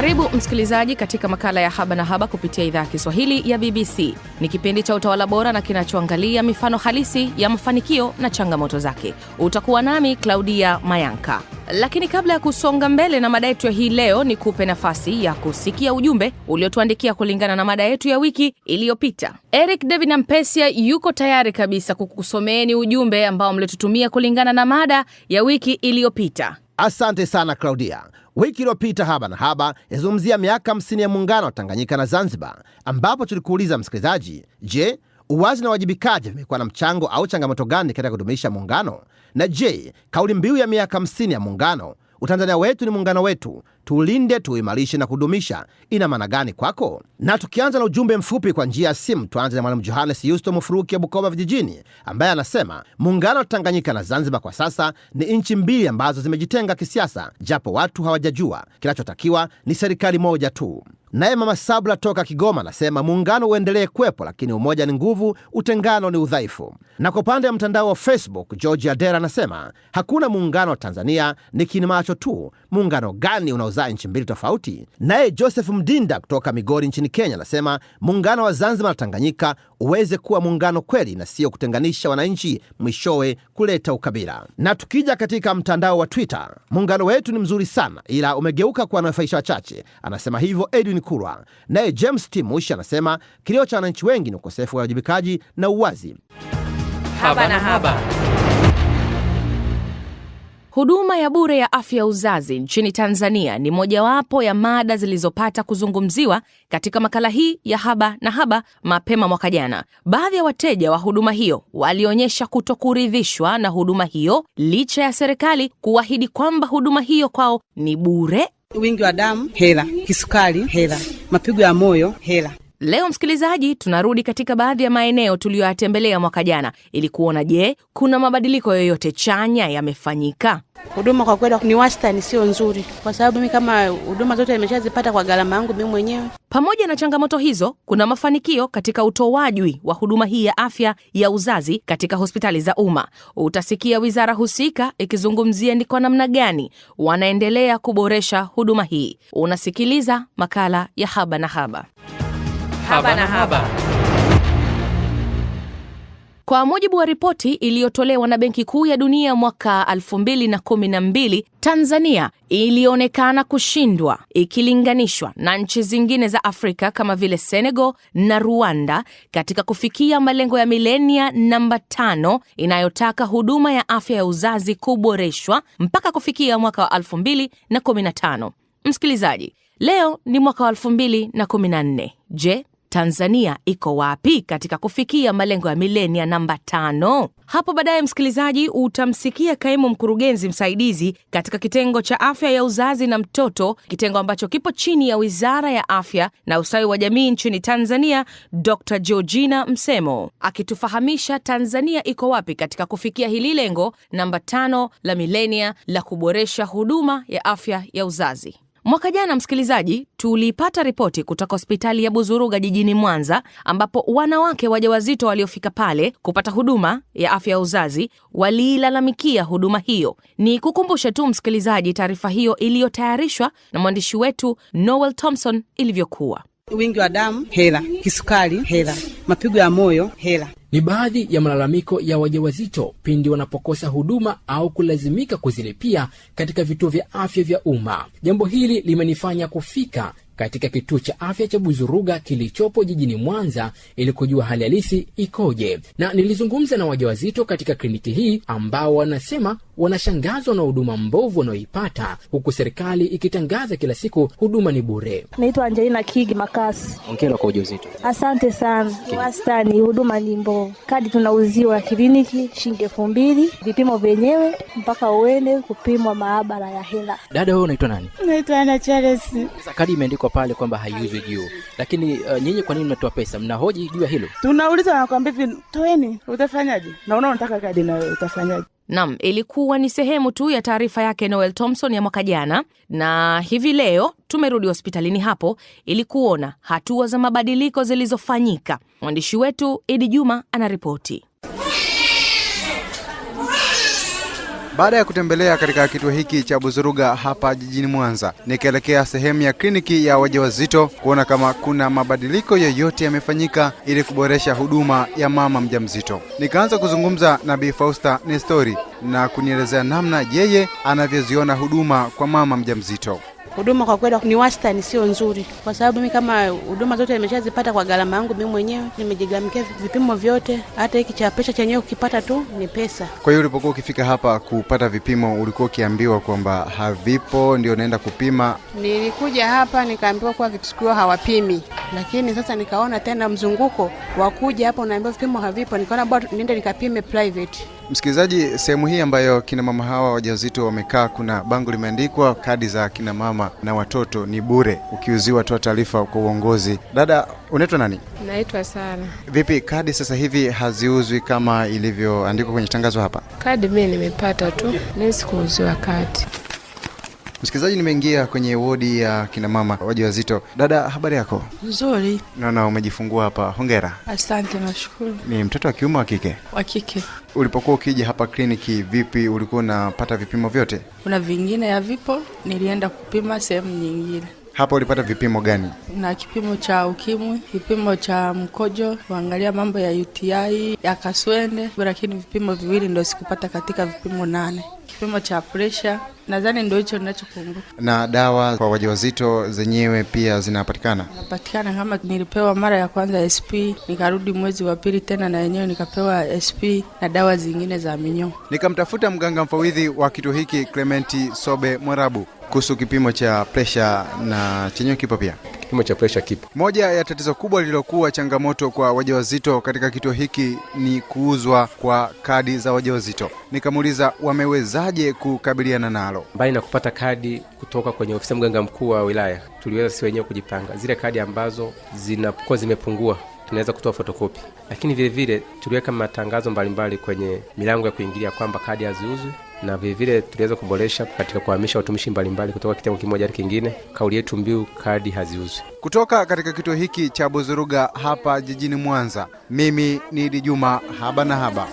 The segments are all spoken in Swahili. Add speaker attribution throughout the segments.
Speaker 1: Karibu msikilizaji katika makala ya Haba na Haba kupitia idhaa ya Kiswahili ya BBC. Ni kipindi cha utawala bora na kinachoangalia mifano halisi ya mafanikio na changamoto zake. Utakuwa nami claudia Mayanka. Lakini kabla ya kusonga mbele na mada yetu ya hii leo, ni kupe nafasi ya kusikia ujumbe uliotuandikia kulingana na mada yetu ya wiki iliyopita. Eric David ampesia yuko tayari kabisa kukusomeeni ujumbe ambao mlitutumia kulingana na mada ya wiki iliyopita. Asante sana Claudia. Wiki iliyopita Haba na Haba yazungumzia miaka 50 ya muungano wa Tanganyika na Zanzibar, ambapo tulikuuliza msikilizaji, je, uwazi na uwajibikaji vimekuwa na mchango au changamoto gani katika kudumisha muungano? Na je, kauli mbiu ya miaka 50 ya muungano Utanzania wetu ni muungano wetu, tuulinde, tuimarishe na kudumisha. Ina maana gani kwako? Na tukianza na ujumbe mfupi kwa njia ya simu, tuanze na mwalimu Johannes Yusto Mufuruki wa Bukoba Vijijini, ambaye anasema muungano wa Tanganyika na Zanzibar kwa sasa ni nchi mbili ambazo zimejitenga kisiasa, japo watu hawajajua. Kinachotakiwa ni serikali moja tu. Naye mama Sabla toka Kigoma anasema muungano uendelee kuwepo, lakini umoja ni nguvu, utengano ni udhaifu. Na kwa upande wa mtandao wa Facebook, George Adera anasema hakuna muungano wa Tanzania, ni kinimacho tu. Muungano gani unaozaa nchi mbili tofauti? Naye Joseph Mdinda kutoka Migori nchini Kenya anasema muungano wa Zanzibar na Tanganyika uweze kuwa muungano kweli na sio kutenganisha wananchi, mwishowe kuleta ukabila. Na tukija katika mtandao wa Twitter, muungano wetu ni mzuri sana, ila umegeuka wanawefaisha wachache, anasema hivyo Edwin John Naye James Timush anasema kilio cha wananchi wengi ni ukosefu wa wajibikaji na uwazi. Haba na haba.
Speaker 2: Huduma ya bure ya afya ya uzazi nchini Tanzania ni mojawapo ya mada zilizopata kuzungumziwa katika makala hii ya Haba na Haba mapema mwaka jana. Baadhi ya wateja wa huduma hiyo walionyesha kutokuridhishwa na huduma hiyo licha ya serikali kuahidi kwamba huduma hiyo kwao ni bure
Speaker 3: wingi wa damu hela, kisukari hela, mapigo ya moyo hela.
Speaker 2: Leo msikilizaji, tunarudi katika baadhi ya maeneo tuliyoyatembelea mwaka jana ili kuona, je, kuna mabadiliko yoyote chanya yamefanyika?
Speaker 4: Huduma kwa kweli ni wastani, sio nzuri, kwa sababu mi kama huduma zote nimeshazipata kwa gharama yangu mi mwenyewe.
Speaker 2: Pamoja na changamoto hizo, kuna mafanikio katika utoaji wa huduma hii ya afya ya uzazi katika hospitali za umma. Utasikia wizara husika ikizungumzia ni kwa namna gani wanaendelea kuboresha huduma hii. Unasikiliza makala ya Haba na Haba haba na haba. Kwa mujibu wa ripoti iliyotolewa na Benki Kuu ya Dunia mwaka 2012, Tanzania ilionekana kushindwa ikilinganishwa na nchi zingine za Afrika kama vile Senegal na Rwanda katika kufikia malengo ya milenia namba tano inayotaka huduma ya afya ya uzazi kuboreshwa mpaka kufikia mwaka wa 2015. Msikilizaji, leo ni mwaka wa 2014. Je, Tanzania iko wapi katika kufikia malengo ya milenia namba tano? Hapo baadaye, msikilizaji, utamsikia kaimu mkurugenzi msaidizi katika kitengo cha afya ya uzazi na mtoto, kitengo ambacho kipo chini ya Wizara ya Afya na Ustawi wa Jamii nchini Tanzania, Dr. Georgina Msemo akitufahamisha Tanzania iko wapi katika kufikia hili lengo namba tano la milenia la kuboresha huduma ya afya ya uzazi. Mwaka jana, msikilizaji, tulipata ripoti kutoka hospitali ya Buzuruga jijini Mwanza, ambapo wanawake wajawazito waliofika pale kupata huduma ya afya ya uzazi waliilalamikia huduma hiyo. Ni kukumbushe tu msikilizaji, taarifa hiyo iliyotayarishwa na mwandishi wetu Noel Thompson ilivyokuwa
Speaker 3: wingi wa damu hela, kisukari hela, mapigo ya moyo hela,
Speaker 5: ni baadhi ya malalamiko ya wajawazito pindi wanapokosa huduma au kulazimika kuzilipia katika vituo vya afya vya umma. Jambo hili limenifanya kufika katika kituo cha afya cha Buzuruga kilichopo jijini Mwanza ili kujua hali halisi ikoje, na nilizungumza na wajawazito katika kliniki hii ambao wanasema wanashangazwa na huduma mbovu wanaoipata huku serikali ikitangaza kila siku huduma ni bure.
Speaker 6: Naitwa anjelina Kigi Makasi.
Speaker 7: ongera kwa ujauzito.
Speaker 6: Asante sana. Wastani huduma ni mbovu, kadi tunauziwa kliniki shilingi elfu mbili, vipimo vyenyewe mpaka uende kupimwa maabara ya hela.
Speaker 7: Dada, wewe unaitwa nani?
Speaker 8: Naitwa Ana Charles.
Speaker 7: kadi imeandikwa pale kwamba haiuzwi juu, lakini uh, nyinyi kwa nini mnatoa pesa? Mnahoji juu ya hilo?
Speaker 8: Tunauliza, nakwambia hivi, toeni, utafanyaje? Naona unataka kadi nayo utafanyaje?
Speaker 2: nam ilikuwa ni sehemu tu ya taarifa yake Noel Thompson ya mwaka jana, na hivi leo tumerudi hospitalini hapo ili kuona hatua za mabadiliko zilizofanyika. Mwandishi wetu Idi Juma anaripoti.
Speaker 9: Baada ya kutembelea katika kituo hiki cha Buzuruga hapa jijini Mwanza, nikaelekea sehemu ya kliniki ya wajawazito kuona kama kuna mabadiliko yoyote yamefanyika ili kuboresha huduma ya mama mjamzito. Nikaanza kuzungumza na Bi Fausta Nestori na kunielezea namna yeye anavyoziona huduma kwa mama mjamzito
Speaker 4: huduma kwa kweli ni wastani, sio nzuri, kwa sababu mimi kama huduma zote nimeshazipata kwa gharama yangu mimi mwenyewe, nimejigamkia vipimo vyote, hata hiki cha pesa chenyewe ukipata tu ni pesa.
Speaker 9: Kwa hiyo ulipokuwa ukifika hapa kupata vipimo ulikuwa ukiambiwa kwamba havipo, ndio naenda kupima?
Speaker 10: Nilikuja hapa nikaambiwa kuwa vitukuo hawapimi, lakini sasa nikaona tena mzunguko wa kuja hapa, unaambiwa vipimo havipo, nikaona bora niende nikapime private.
Speaker 9: Msikilizaji, sehemu hii ambayo kina mama hawa wajawazito wamekaa, kuna bango limeandikwa kadi za kina mama na watoto ni bure, ukiuziwa toa taarifa kwa uongozi. Dada, unaitwa nani?
Speaker 11: Naitwa Sara.
Speaker 9: Vipi, kadi sasa hivi haziuzwi kama ilivyoandikwa kwenye tangazo hapa?
Speaker 11: Kadi mi nimepata tu, nisikuuziwa kadi.
Speaker 9: Msikilizaji, nimeingia kwenye wodi ya kina mama wazito Dada, habari yako? Nzuri. Naona umejifungua hapa, hongera.
Speaker 11: Asante, nashukuru.
Speaker 9: Ni mtoto wa kiume wa kike? Wa kike. Ulipokuwa ukija hapa kliniki, vipi, ulikuwa unapata vipimo vyote?
Speaker 11: Kuna vingine havipo, nilienda kupima sehemu nyingine.
Speaker 9: Hapo ulipata vipimo gani?
Speaker 11: Na kipimo cha ukimwi, kipimo cha mkojo, kuangalia mambo ya UTI, ya kaswende, lakini vipimo viwili ndio sikupata katika vipimo nane. Kipimo cha presha nadhani ndio hicho ninachokumbuka.
Speaker 9: Na dawa kwa wajawazito zenyewe pia zinapatikana,
Speaker 11: zinapatikana kama nilipewa mara ya kwanza SP, nikarudi mwezi wa pili tena na yenyewe nikapewa SP na dawa zingine za minyoo.
Speaker 9: Nikamtafuta mganga mfawidhi wa kituo hiki Clementi Sobe Mwarabu kuhusu kipimo cha presha na chenyewe kipo pia
Speaker 12: kipimo cha presha kipo.
Speaker 9: Moja ya tatizo kubwa lililokuwa changamoto kwa wajawazito katika kituo hiki ni kuuzwa kwa kadi za wajawazito. Nikamuuliza wamewezaje kukabiliana nalo,
Speaker 12: mbali na kupata kadi kutoka kwenye ofisi ya mganga mkuu wa wilaya. Tuliweza sisi wenyewe kujipanga, zile kadi ambazo zinakuwa zimepungua tunaweza kutoa fotokopi, lakini vilevile tuliweka matangazo mbalimbali mbali kwenye milango ya kuingilia kwamba kadi haziuzwi na vilevile tuliweza kuboresha katika kuhamisha watumishi mbalimbali kutoka kitengo kimoja hadi kingine. Kauli yetu mbiu kadi haziuzwi.
Speaker 9: Kutoka katika kituo hiki cha Buzuruga hapa jijini Mwanza, mimi ni Idi Juma haba na haba.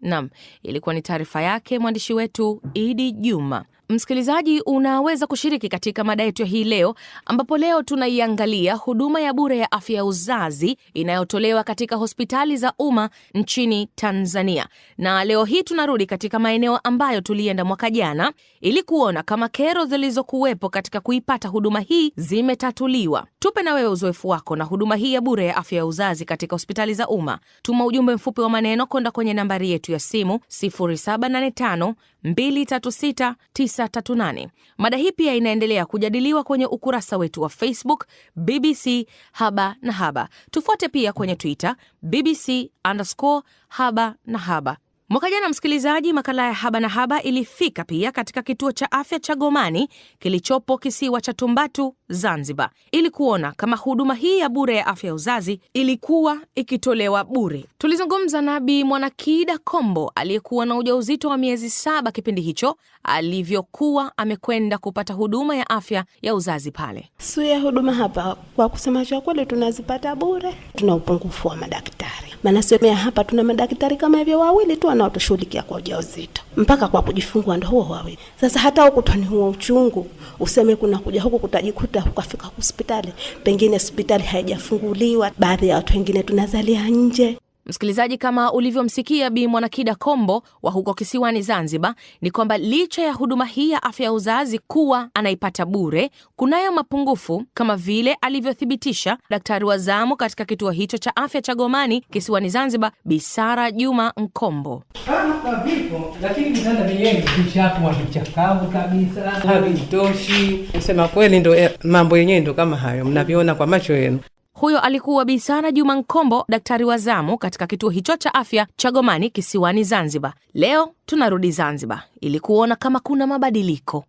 Speaker 2: nam ilikuwa ni taarifa yake mwandishi wetu Idi Juma. Msikilizaji, unaweza kushiriki katika mada yetu hii leo, ambapo leo tunaiangalia huduma ya bure ya afya ya uzazi inayotolewa katika hospitali za umma nchini Tanzania. Na leo hii tunarudi katika maeneo ambayo tulienda mwaka jana ili kuona kama kero zilizokuwepo katika kuipata huduma hii zimetatuliwa. Tupe na wewe uzoefu wako na huduma hii ya bure ya afya ya uzazi katika hospitali za umma. Tuma ujumbe mfupi wa maneno kwenda kwenye nambari yetu ya simu 0785 236938. Mada hii pia inaendelea kujadiliwa kwenye ukurasa wetu wa Facebook BBC Haba na Haba. Tufuate pia kwenye Twitter BBC underscore Haba na Haba. Mwaka jana, msikilizaji, makala ya Haba na Haba ilifika pia katika kituo cha afya cha Gomani kilichopo kisiwa cha Tumbatu, Zanzibar, ili kuona kama huduma hii ya bure ya afya ya uzazi ilikuwa ikitolewa bure. Tulizungumza na Bi Mwanakida Kombo aliyekuwa na ujauzito wa miezi saba kipindi hicho, alivyokuwa amekwenda kupata huduma ya afya ya uzazi pale.
Speaker 6: Sui ya huduma hapa, kwa kusema cha kweli, tunazipata bure. Tuna upungufu wa madaktari, maana hapa tuna madaktari kama hivyo wawili tu wana watushughulikia kwa ujauzito mpaka kwa kujifungua ndo huo wawili Sasa hata huko huo uchungu useme kuna kuja huku kutajikuta ukafika hospitali, pengine hospitali haijafunguliwa, baadhi ya watu wengine tunazalia nje.
Speaker 2: Msikilizaji, kama ulivyomsikia Bi Mwanakida Kombo wa huko kisiwani Zanzibar, ni kwamba licha ya huduma hii ya afya ya uzazi kuwa anaipata bure, kunayo mapungufu kama vile alivyothibitisha daktari wa zamu katika kituo hicho cha afya cha Gomani kisiwani Zanzibar, Bi Sara Juma Nkombo.
Speaker 13: Hapa vipo, lakini vitanda vyenyewe vichapwa vichakavu kabisa,
Speaker 14: havitoshi. Kusema kweli, ndo eh, mambo yenyewe ndo kama hayo mnavyoona kwa macho yenu.
Speaker 2: Huyo alikuwa Bi Sara Juma Nkombo, daktari wa zamu katika kituo hicho cha afya cha Gomani kisiwani Zanzibar. Leo tunarudi Zanzibar ili kuona kama kuna mabadiliko.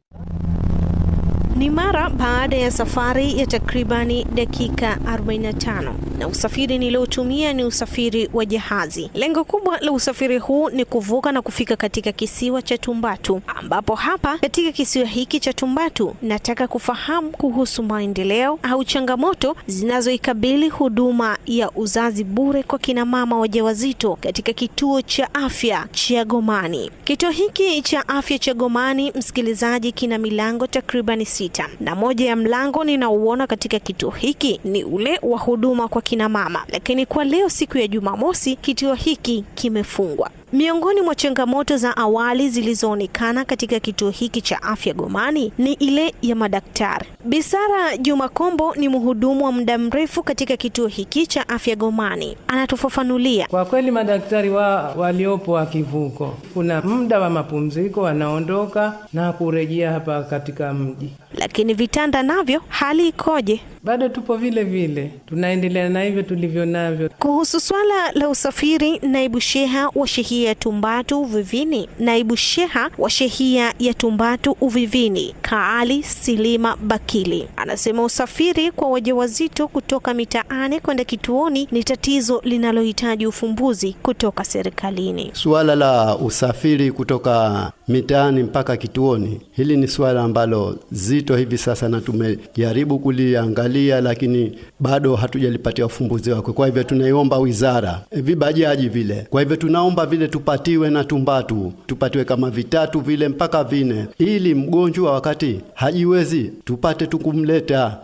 Speaker 15: Ni mara baada ya safari ya takribani dakika 45 na usafiri niliotumia ni usafiri wa jahazi. Lengo kubwa la usafiri huu ni kuvuka na kufika katika kisiwa cha Tumbatu, ambapo hapa katika kisiwa hiki cha Tumbatu nataka kufahamu kuhusu maendeleo au changamoto zinazoikabili huduma ya uzazi bure kwa kinamama wajawazito katika kituo cha afya cha Gomani. Kituo hiki cha afya cha Gomani, msikilizaji, kina milango takribani sita, na moja ya mlango ninaouona katika kituo hiki ni ule wa huduma kwa kina mama, lakini kwa leo siku ya Jumamosi kituo hiki kimefungwa. Miongoni mwa changamoto za awali zilizoonekana katika kituo hiki cha afya Gomani ni ile ya madaktari. Bisara Juma Kombo ni mhudumu wa muda mrefu katika kituo hiki cha afya Gomani, anatufafanulia.
Speaker 16: Kwa kweli madaktari wa waliopo wa kivuko, kuna muda wa mapumziko, wanaondoka na kurejea hapa katika mji
Speaker 2: lakini vitanda navyo hali ikoje?
Speaker 16: Bado tupo vile vile, tunaendelea na hivyo tulivyo navyo.
Speaker 15: Kuhusu swala la usafiri, naibu sheha wa shehia ya Tumbatu Uvivini, naibu sheha wa shehia ya Tumbatu Uvivini Kaali Silima Bakili anasema usafiri kwa wajawazito kutoka mitaani kwenda kituoni ni tatizo linalohitaji ufumbuzi kutoka serikalini.
Speaker 17: Suala la usafiri kutoka mitaani mpaka kituoni. Hili ni suala ambalo zito hivi sasa na tumejaribu kuliangalia, lakini bado hatujalipatia ufumbuzi wake. Kwa hivyo tunaiomba wizara eh, vibajaji vile, kwa hivyo tunaomba vile tupatiwe na tumbatu, tupatiwe kama vitatu vile mpaka vine, ili mgonjwa wakati hajiwezi tupate tukumleta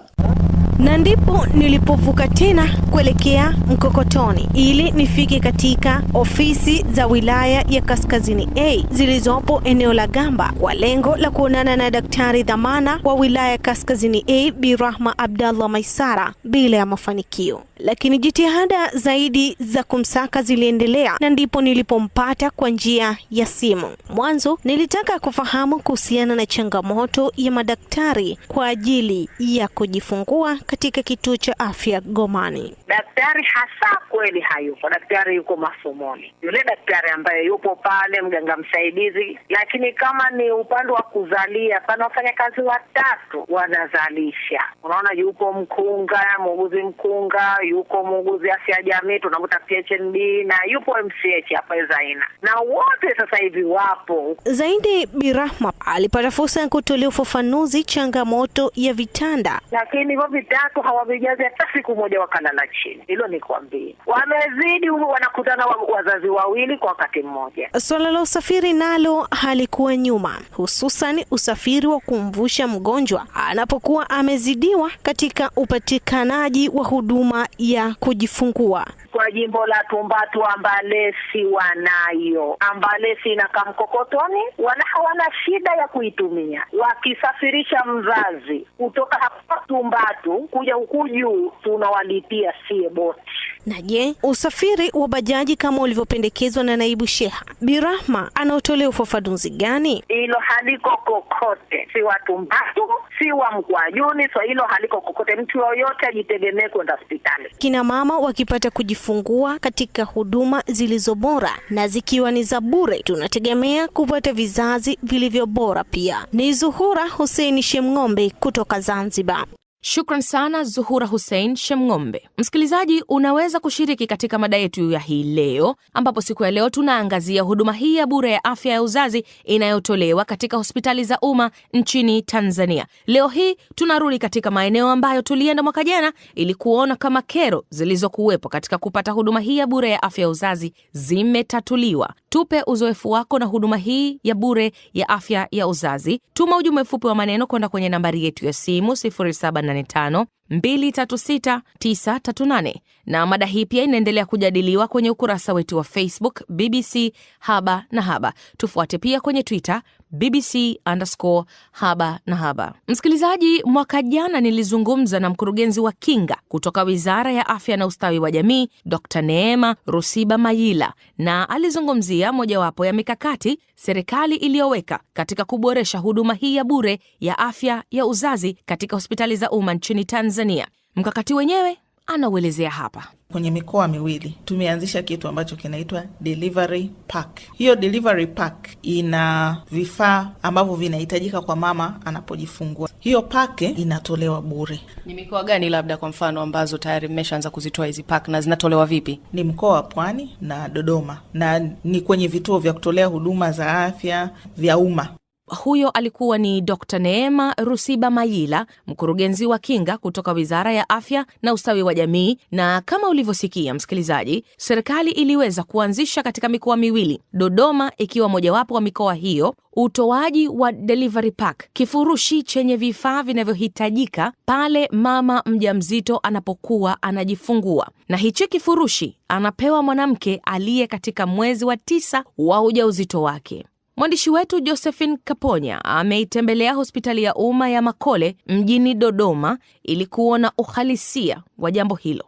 Speaker 15: na ndipo nilipovuka tena kuelekea Mkokotoni ili nifike katika ofisi za wilaya ya Kaskazini A zilizopo eneo la Gamba kwa lengo la kuonana na daktari dhamana wa wilaya ya Kaskazini A Bi Rahma Abdallah Maisara bila ya mafanikio lakini jitihada zaidi za kumsaka ziliendelea na ndipo nilipompata kwa njia ya simu. Mwanzo nilitaka kufahamu kuhusiana na changamoto ya madaktari kwa ajili ya kujifungua katika kituo cha afya Gomani.
Speaker 18: Daktari hasa kweli hayupo, daktari yuko masomoni, yule daktari ambaye yupo pale mganga msaidizi, lakini kama ni upande wa kuzalia, pana wafanyakazi watatu wanazalisha. Unaona, yupo mkunga, muuguzi mkunga yuko muuguzi afya jamii tunamuta PHNB na yupo MCH hapa Zaina, na wote sasa hivi wapo.
Speaker 15: Zaidi Birahma alipata fursa ya kutolea ufafanuzi changamoto ya vitanda,
Speaker 18: lakini hivyo vitatu hawavijazi hata siku moja, wakalala chini. Hilo ni kwambie, wamezidi wanakutana wazazi wawili kwa wakati mmoja.
Speaker 15: Swala la usafiri nalo halikuwa nyuma, hususan usafiri wa kumvusha mgonjwa anapokuwa amezidiwa katika upatikanaji wa huduma ya kujifungua.
Speaker 18: Kwa jimbo la Tumbatu, ambalesi wanayo ambalesi na kamkokotoni, wala hawana shida ya kuitumia. Wakisafirisha mzazi kutoka hapa Tumbatu kuja huku juu, tunawalipia sie boti.
Speaker 15: Na je, usafiri wa bajaji kama ulivyopendekezwa na naibu sheha Birahma anaotolea ufafanuzi gani?
Speaker 18: Hilo haliko kokote, si watu si wa Mkwajuni, so hilo haliko kokote. Mtu yoyote ajitegemee kwenda hospitali.
Speaker 15: Kina mama wakipata kujifungua katika huduma zilizo bora na zikiwa ni za bure, tunategemea kupata vizazi vilivyo bora. Pia ni Zuhura Hussein Shemng'ombe kutoka Zanzibar.
Speaker 2: Shukran sana Zuhura Hussein Shemng'ombe. Msikilizaji, unaweza kushiriki katika mada yetu ya hii leo, ambapo siku ya leo tunaangazia huduma hii ya bure ya afya ya uzazi inayotolewa katika hospitali za umma nchini Tanzania. Leo hii tunarudi katika maeneo ambayo tulienda mwaka jana ili kuona kama kero zilizokuwepo katika kupata huduma hii ya bure ya afya ya uzazi zimetatuliwa. Tupe uzoefu wako na huduma hii ya bure ya afya ya uzazi. Tuma ujumbe mfupi wa maneno kwenda kwenye nambari yetu ya simu 07 nane tano 236938 na mada hii pia inaendelea kujadiliwa kwenye ukurasa wetu wa Facebook BBC Haba na Haba. Tufuate pia kwenye Twitter BBC underscore haba na haba. Msikilizaji, mwaka jana nilizungumza na mkurugenzi wa kinga kutoka Wizara ya Afya na Ustawi wa Jamii, Dr. Neema Rusiba Mayila, na alizungumzia mojawapo ya mikakati serikali iliyoweka katika kuboresha huduma hii ya bure ya afya ya uzazi katika hospitali za umma nchini Tanzania. Tanzania. Mkakati wenyewe anauelezea hapa.
Speaker 19: Kwenye mikoa miwili tumeanzisha kitu ambacho kinaitwa delivery pack. Hiyo delivery pack ina vifaa ambavyo vinahitajika kwa mama anapojifungua. Hiyo pack inatolewa bure. Ni mikoa gani labda kwa mfano ambazo tayari mmeshaanza kuzitoa hizi pack na zinatolewa vipi? Ni mkoa wa Pwani na Dodoma, na ni kwenye vituo vya kutolea huduma za afya vya umma.
Speaker 2: Huyo alikuwa ni Dr. Neema Rusiba Mayila, mkurugenzi wa kinga kutoka Wizara ya Afya na Ustawi wa Jamii. Na kama ulivyosikia msikilizaji, serikali iliweza kuanzisha katika mikoa miwili, Dodoma ikiwa mojawapo wa mikoa hiyo, utoaji wa delivery pack, kifurushi chenye vifaa vinavyohitajika pale mama mjamzito anapokuwa anajifungua, na hichi kifurushi anapewa mwanamke aliye katika mwezi wa tisa wa ujauzito wake. Mwandishi wetu Josephine Kaponya ameitembelea hospitali ya umma ya Makole mjini Dodoma ili kuona uhalisia wa jambo hilo.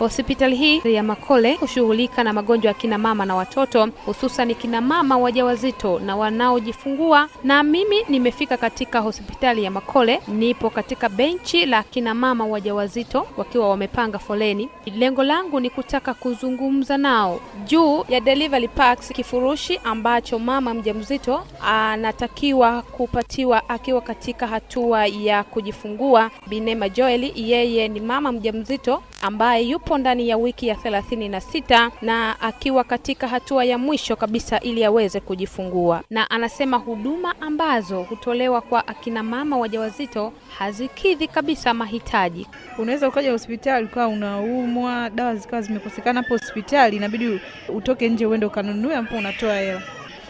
Speaker 20: Hospitali hii ya Makole hushughulika na magonjwa ya kina mama na watoto, hususan kina mama wajawazito na wanaojifungua. Na mimi nimefika katika hospitali ya Makole, nipo katika benchi la kina mama wajawazito wakiwa wamepanga foleni. Lengo langu ni kutaka kuzungumza nao juu ya delivery packs, kifurushi ambacho mama mjamzito anatakiwa kupatiwa akiwa katika hatua ya kujifungua. Binema Joeli, yeye ni mama mjamzito ambaye yupo ndani ya wiki ya thelathini na sita na akiwa katika hatua ya mwisho kabisa ili aweze kujifungua, na anasema huduma ambazo hutolewa kwa akina mama wajawazito hazikidhi kabisa mahitaji.
Speaker 21: Unaweza ukaja hospitali ukawa unaumwa, dawa zikawa zimekosekana hapo hospitali, inabidi utoke nje uende ukanunue, ambapo unatoa hela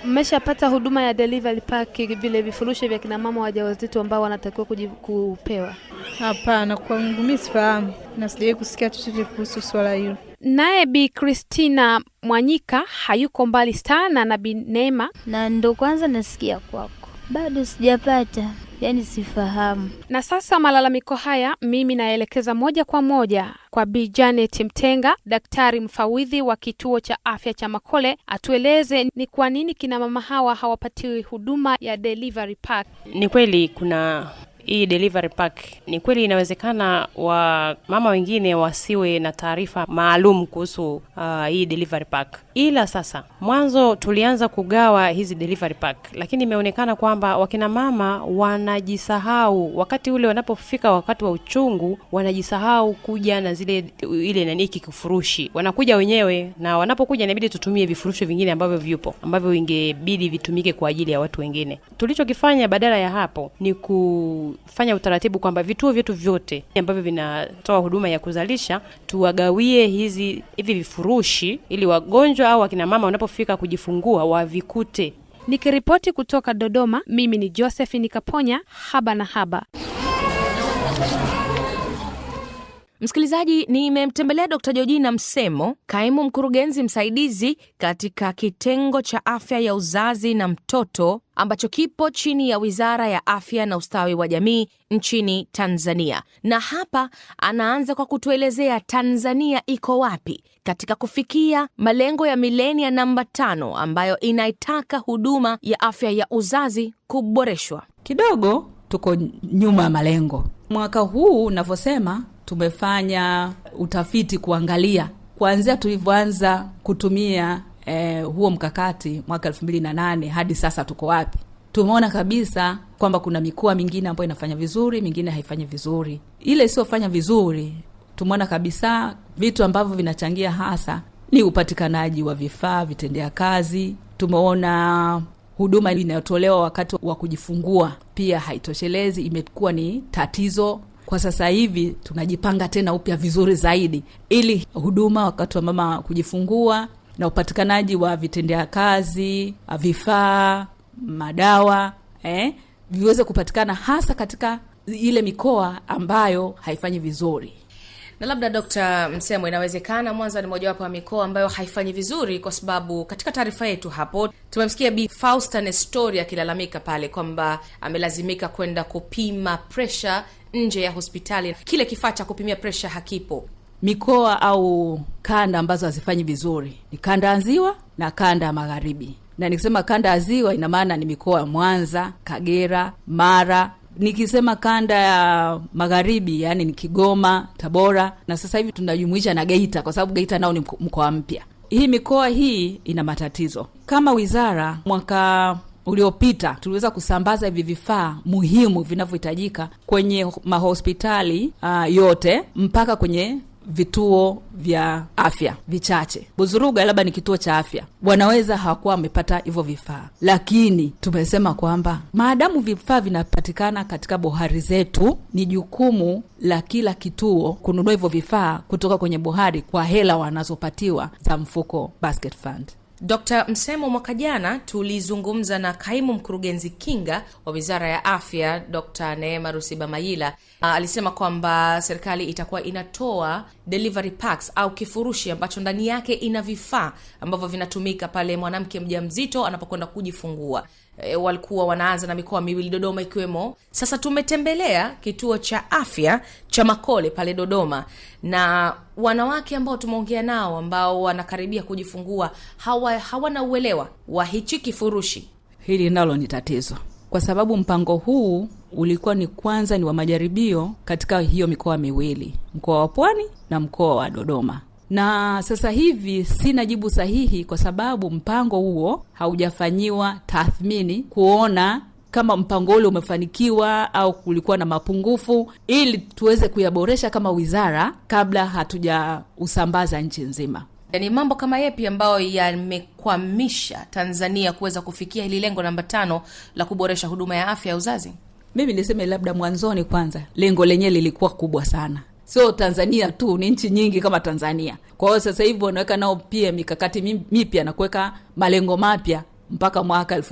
Speaker 20: Mmeshapata huduma ya delivery pack, vile vifurushi vya kina mama wajawazito ambao wanatakiwa kupewa?
Speaker 22: Hapana, kwangu mimi sifahamu na sijawahi kusikia chochote kuhusu swala hilo.
Speaker 20: Naye Bi Christina Mwanyika hayuko mbali sana na Bi Neema,
Speaker 23: na ndo kwanza nasikia kwako, bado sijapata yani sifahamu.
Speaker 20: Na sasa malalamiko haya mimi nayaelekeza moja kwa moja kwa Bi Janet Mtenga, daktari mfawidhi wa kituo cha afya cha Makole, atueleze ni kwa nini kina mama hawa hawapatiwi huduma ya delivery pack.
Speaker 24: Ni kweli kuna hii delivery pack. Ni kweli inawezekana wamama wengine wasiwe na taarifa maalum kuhusu uh, hii delivery pack, ila sasa mwanzo tulianza kugawa hizi delivery pack, lakini imeonekana kwamba wakina mama wanajisahau wakati ule wanapofika wakati wa uchungu, wanajisahau kuja na zile ile nani kifurushi, wanakuja wenyewe, na wanapokuja inabidi tutumie vifurushi vingine ambavyo vipo ambavyo ingebidi vitumike kwa ajili ya watu wengine. Tulichokifanya badala ya hapo ni ku tutafanya utaratibu kwamba vituo vyetu vyote ambavyo vinatoa huduma ya kuzalisha tuwagawie hizi hivi vifurushi, ili wagonjwa au wakina mama wanapofika kujifungua wavikute.
Speaker 2: Nikiripoti kutoka Dodoma, mimi ni Josephine Kaponya, Haba na Haba. Msikilizaji, nimemtembelea Dkt. Georgina Msemo, kaimu mkurugenzi msaidizi katika kitengo cha afya ya uzazi na mtoto ambacho kipo chini ya Wizara ya Afya na Ustawi wa Jamii nchini Tanzania. Na hapa anaanza kwa kutuelezea Tanzania iko wapi katika kufikia malengo ya milenia namba tano ambayo inaitaka huduma ya afya ya uzazi kuboreshwa.
Speaker 25: Kidogo tuko nyuma ya malengo mwaka huu unavyosema tumefanya utafiti kuangalia kuanzia tulivyoanza kutumia eh, huo mkakati mwaka elfu mbili na nane hadi sasa tuko wapi. Tumeona kabisa kwamba kuna mikoa mingine ambayo inafanya vizuri, mingine haifanyi vizuri. Ile isiyofanya vizuri, tumeona kabisa vitu ambavyo vinachangia hasa ni upatikanaji wa vifaa vitendea kazi. Tumeona huduma inayotolewa wakati wa kujifungua pia haitoshelezi, imekuwa ni tatizo kwa sasa hivi tunajipanga tena upya vizuri zaidi, ili huduma wakati wa mama kujifungua na upatikanaji wa vitendea kazi, vifaa, madawa eh, viweze kupatikana hasa katika ile mikoa ambayo haifanyi vizuri.
Speaker 20: Na labda dkt msemo inawezekana Mwanza ni mojawapo ya mikoa ambayo haifanyi vizuri, kwa sababu katika taarifa yetu hapo tumemsikia Bi akilalamika pale kwamba amelazimika kwenda kupima presha nje ya hospitali, kile kifaa cha kupimia presha hakipo.
Speaker 25: Mikoa au kanda ambazo hazifanyi vizuri ni kanda ya ziwa na kanda ya magharibi na nikisema kanda ya ziwa ina maana ni mikoa ya Mwanza, Kagera, Mara, Nikisema kanda ya magharibi, yani ni Kigoma, Tabora na sasa hivi tunajumuisha na Geita kwa sababu Geita nao ni mkoa mpya. Hii mikoa hii ina matatizo. Kama wizara, mwaka uliopita tuliweza kusambaza hivi vifaa muhimu vinavyohitajika kwenye mahospitali uh, yote mpaka kwenye vituo vya afya vichache. Buzuruga labda ni kituo cha afya, wanaweza hawakuwa wamepata hivyo vifaa, lakini tumesema kwamba maadamu vifaa vinapatikana katika bohari zetu, ni jukumu la kila kituo kununua hivyo vifaa kutoka kwenye bohari kwa hela wanazopatiwa za mfuko basket fund.
Speaker 20: Dr. Msemo mwaka jana tulizungumza na kaimu mkurugenzi kinga wa Wizara ya Afya Dr. Neema Rusibamayila. Uh, ah, alisema kwamba serikali itakuwa inatoa delivery packs au kifurushi ambacho ndani yake ina vifaa ambavyo vinatumika pale mwanamke mjamzito anapokwenda kujifungua e, walikuwa wanaanza na mikoa miwili Dodoma ikiwemo. Sasa tumetembelea kituo cha afya cha Makole pale Dodoma, na wanawake ambao tumeongea nao ambao wanakaribia kujifungua hawa hawana uelewa wa hichi kifurushi.
Speaker 25: Hili nalo ni tatizo kwa sababu mpango huu ulikuwa ni kwanza ni wa majaribio katika hiyo mikoa miwili, mkoa wa Pwani na mkoa wa Dodoma na sasa hivi sina jibu sahihi, kwa sababu mpango huo haujafanyiwa tathmini kuona kama mpango ule umefanikiwa au kulikuwa na mapungufu, ili tuweze kuyaboresha kama wizara kabla hatujausambaza nchi nzima.
Speaker 20: Ni mambo kama yepi ambayo yamekwamisha Tanzania kuweza kufikia hili lengo namba tano la kuboresha huduma ya afya ya uzazi?
Speaker 25: Mimi niseme labda mwanzoni, kwanza lengo lenyewe lilikuwa kubwa sana, sio Tanzania tu, ni nchi nyingi kama Tanzania. Kwa hiyo sasa hivi wanaweka nao pia mikakati mipya na kuweka malengo mapya mpaka mwaka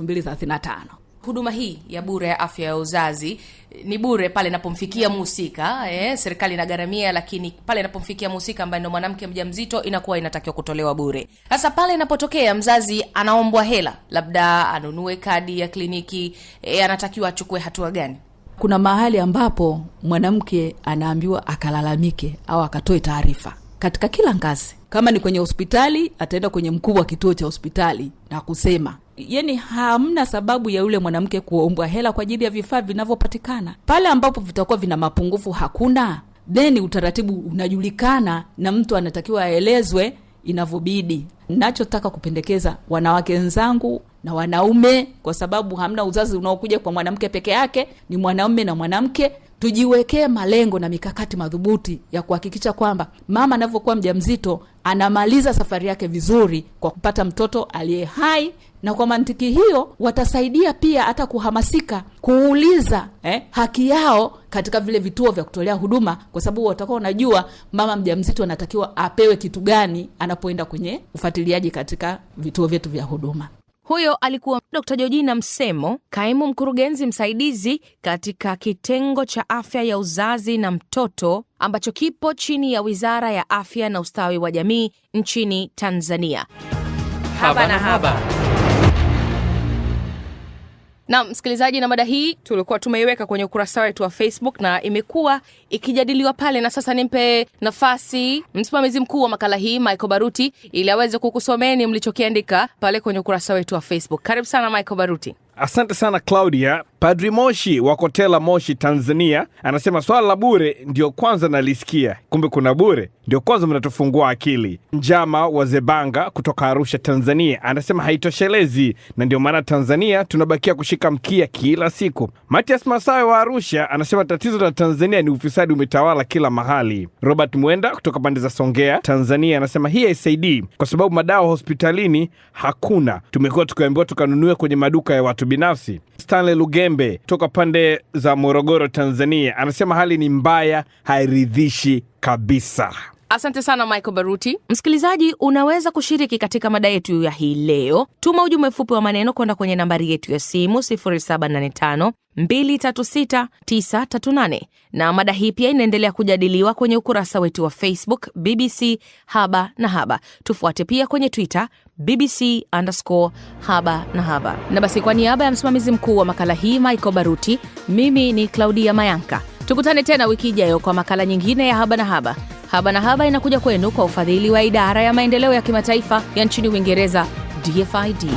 Speaker 25: tano
Speaker 20: Huduma hii ya bure ya afya ya uzazi eh, ni bure pale inapomfikia mhusika eh, serikali inagharamia, lakini pale inapomfikia mhusika ambaye ndo mwanamke mja mzito inakuwa inatakiwa kutolewa bure. Sasa pale inapotokea mzazi anaombwa hela, labda anunue kadi ya kliniki eh, anatakiwa achukue hatua gani?
Speaker 25: Kuna mahali ambapo mwanamke anaambiwa akalalamike au akatoe taarifa katika kila ngazi. Kama ni kwenye hospitali, ataenda kwenye mkuu wa kituo cha hospitali na kusema Yani, hamna sababu ya yule mwanamke kuombwa hela kwa ajili ya vifaa vinavyopatikana pale. Ambapo vitakuwa vina mapungufu, hakuna deni, utaratibu unajulikana na mtu anatakiwa aelezwe inavyobidi. Nachotaka kupendekeza wanawake wenzangu na wanaume, kwa sababu hamna uzazi unaokuja kwa mwanamke peke yake, ni mwanaume na mwanamke. Tujiwekee malengo na mikakati madhubuti ya kuhakikisha kwamba mama anavyokuwa mzito anamaliza safari yake vizuri kwa kupata mtoto aliye hai, na kwa mantiki hiyo watasaidia pia hata kuhamasika kuuliza eh, haki yao katika vile vituo vya kutolea huduma, kwa sababu watakuwa wanajua mama mjamzito anatakiwa apewe kitu gani anapoenda kwenye ufuatiliaji katika vituo vyetu vya huduma.
Speaker 2: Huyo alikuwa d Georgina Msemo, kaimu mkurugenzi msaidizi katika kitengo cha afya ya uzazi na mtoto ambacho kipo chini ya Wizara ya Afya na Ustawi wa Jamii nchini Tanzania. Haba na Haba. Na msikilizaji, na mada hii tulikuwa tumeiweka kwenye ukurasa wetu wa Facebook na imekuwa ikijadiliwa pale, na sasa nimpe nafasi msimamizi mkuu wa makala hii Michael Baruti ili aweze kukusomeni mlichokiandika pale kwenye ukurasa wetu wa Facebook. Karibu sana Michael Baruti.
Speaker 9: Asante sana Claudia. Padri Moshi wa Kotela, Moshi, Tanzania, anasema swala la bure ndio kwanza nalisikia, kumbe kuna bure, ndio kwanza mnatufungua akili. Njama wa Zebanga kutoka Arusha, Tanzania, anasema haitoshelezi na ndio maana Tanzania tunabakia kushika mkia kila siku. Matias Masawe wa Arusha anasema tatizo la Tanzania ni ufisadi umetawala kila mahali. Robert Mwenda kutoka pande za Songea, Tanzania, anasema hii haisaidii kwa sababu madawa hospitalini hakuna, tumekuwa tukiambiwa tukanunue kwenye maduka ya watu binafsi. Stanley Lugembe toka pande za Morogoro, Tanzania, anasema hali ni mbaya, hairidhishi kabisa.
Speaker 20: Asante sana Michael Baruti.
Speaker 2: Msikilizaji, unaweza kushiriki katika mada yetu ya hii leo. Tuma ujumbe mfupi wa maneno kwenda kwenye nambari yetu ya simu 0785 na mada hii pia inaendelea kujadiliwa kwenye ukurasa wetu wa Facebook BBC Haba na Haba. Tufuate pia kwenye Twitter BBC underscore Haba na Haba. Na basi, kwa niaba ya msimamizi mkuu wa makala hii Michael Baruti, mimi ni Claudia Mayanka Tukutane tena wiki ijayo kwa makala nyingine ya Haba na Haba. Haba na Haba inakuja kwenu kwa ufadhili wa idara ya maendeleo ya kimataifa ya nchini Uingereza, DFID.